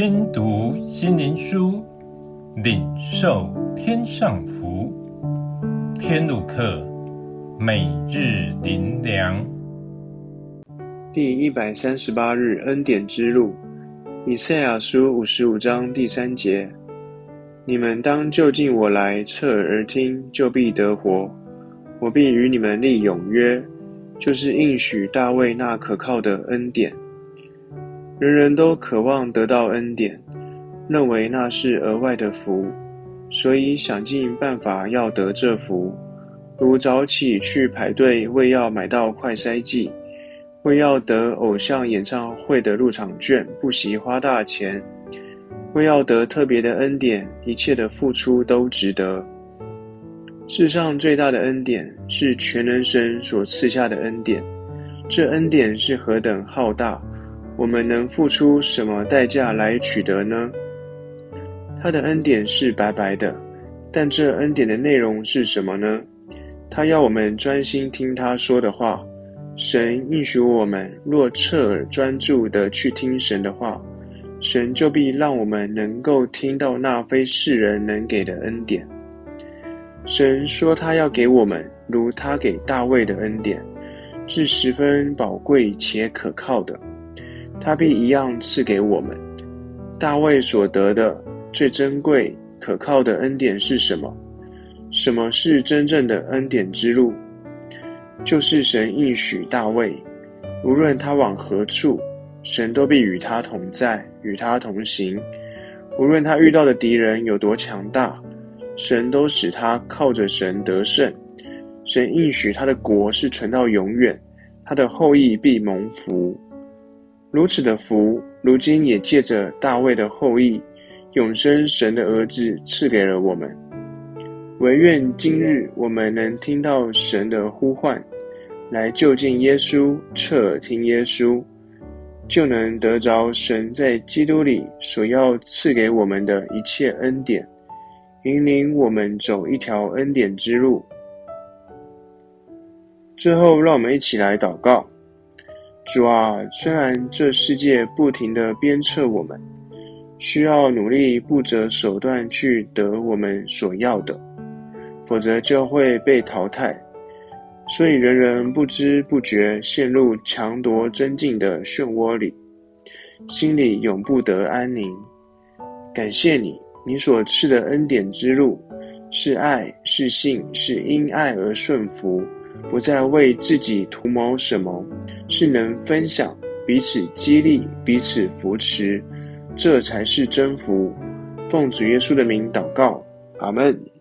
聽讀心靈書，領受天上福。天路客，每日靈糧。第一百三十八日，恩典之路。以賽亞書五十五章第三節：你們當就近我來，側耳聽，就必得活。我必與你們立永約，就是應許大衛那可靠的恩典。人人都渴望得到恩典，認為那是額外的福，所以想盡辦法要得這福。如早起去排隊為要買到快篩劑，為要得偶像演唱會的入場券，不惜花大錢；為要得特別的恩典，一切的付出都值得。世上最大的恩典是全能神所賜下的恩典，這恩典是何等浩大！我們能付出什麼代價來取得呢？他的恩典是白白的，但這恩典的內容是什麼呢？他要我們專心聽他說的話。神應許我們，若側耳專注的去聽神的話，神就必讓我們能夠聽到那非世人能給的恩典。神說他要給我們，如他給大衛的恩典，是十分寶貴且可靠的。他必一樣賜給我們。大衛所得的最珍貴、可靠的恩典是什麼？什麼是真正的恩典之路？就是神應許大衛，無論他往何處，神都必與他同在，與他同行。無論他遇到的敵人有多強大，神都使他靠着神得勝。神應許他的國是存到永遠，他的後裔必蒙福。如此的福，如今也借着大衛的後裔，永生神的兒子賜給了我們。唯願今日我們能聽到神的呼喚，來就近耶穌，側耳聽耶穌，就能得着神在基督裡所要賜給我們的一切恩典，引領我們走一條恩典之路。最後，讓我們一起來禱告。主啊，雖然這世界不停的鞭策我們，需要努力不擇手段去得我們所要的，否則就會被淘汰，所以人人不知不覺陷入強奪爭競的漩渦裡，心裡永不得安寧。感謝你，你所賜的恩典之路，是愛，是信，是因愛而順服。不再為自己圖謀什麼，是能分享、彼此激勵、彼此扶持，這才是真福。奉主耶穌的名禱告，阿門。